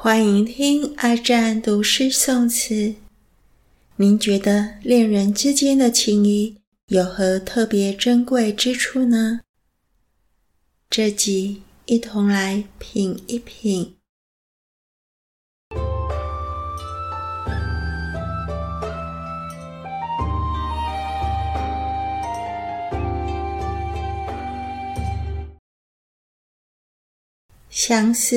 歡迎聽《二戰讀詩宋詞》。您覺得戀人之間的情誼有何特別珍貴之處呢？這集一同來品一品《相思》。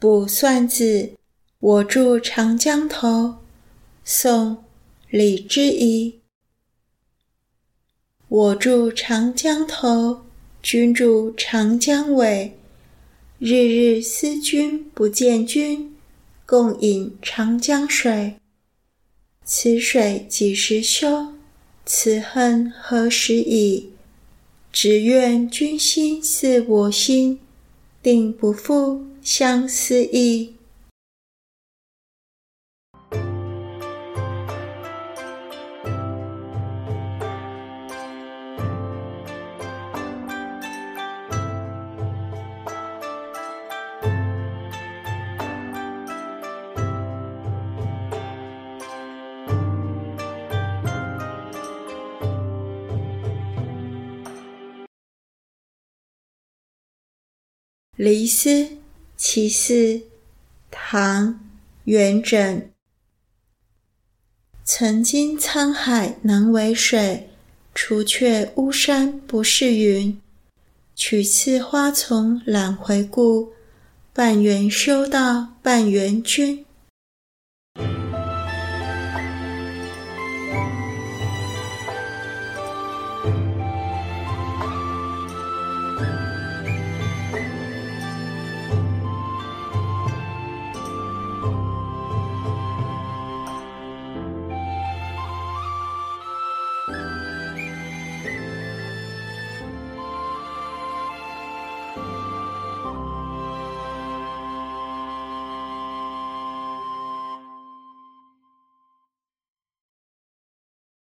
《卜算子》我住長江頭，宋·李之儀。我住長江頭，君住長江尾。日日思君不見君，共飲長江水。此水幾時休？此恨何時已？只願君心似我心。定不負相思意。離思其四，唐·元稹。曾經滄海難為水，除卻巫山不是雲。取次花叢懶回顧，半緣修道半緣君。